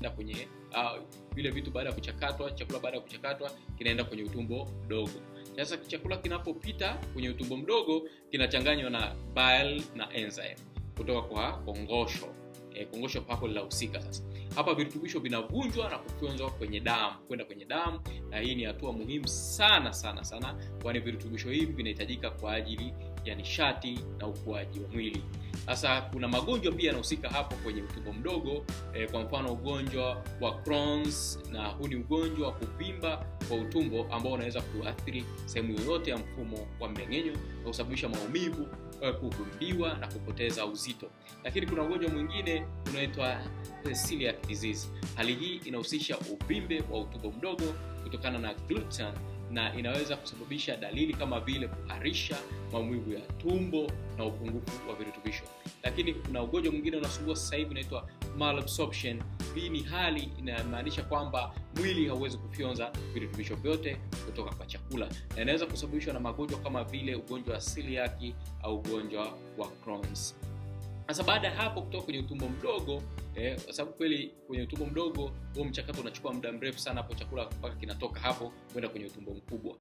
na kwenye uh, vile vitu baada ya kuchakatwa chakula baada ya kuchakatwa kinaenda kwenye utumbo mdogo sasa chakula kinapopita kwenye utumbo mdogo kinachanganywa na bile na enzyme kutoka kwa kongosho eh, kongosho hapo linahusika sasa hapa virutubisho vinavunjwa na kufyonzwa kwenye damu kwenda kwenye damu, na hii ni hatua muhimu sana sana sana, kwani virutubisho hivi vinahitajika kwa ajili ya nishati na ukuaji wa mwili. Sasa kuna magonjwa pia yanahusika hapo kwenye utumbo mdogo e, kwa mfano ugonjwa wa Crohn's, na huu ni ugonjwa wa kuvimba kwa utumbo ambao unaweza kuathiri sehemu yoyote ya mfumo wa mmeng'enyo na kusababisha maumivu, eh, kuvimbiwa na kupoteza uzito. Lakini kuna ugonjwa mwingine unaitwa eh, celiac disease. Hali hii inahusisha uvimbe wa utumbo mdogo kutokana na gluten na inaweza kusababisha dalili kama vile kuharisha, maumivu ya tumbo na upungufu wa virutubisho. Lakini kuna ugonjwa mwingine unasumbua sasa hivi unaitwa malabsorption. Hii ni hali inamaanisha kwamba mwili hauwezi kufyonza virutubisho vyote kutoka kwa chakula, na inaweza kusababishwa na magonjwa kama vile ugonjwa wa siliaki au ugonjwa wa Crohn's. Sasa baada ya hapo kutoka kwenye utumbo mdogo eh, kwa sababu kweli kwenye utumbo mdogo huo mchakato unachukua muda mrefu sana hapo chakula mpaka kinatoka hapo kwenda kwenye utumbo mkubwa.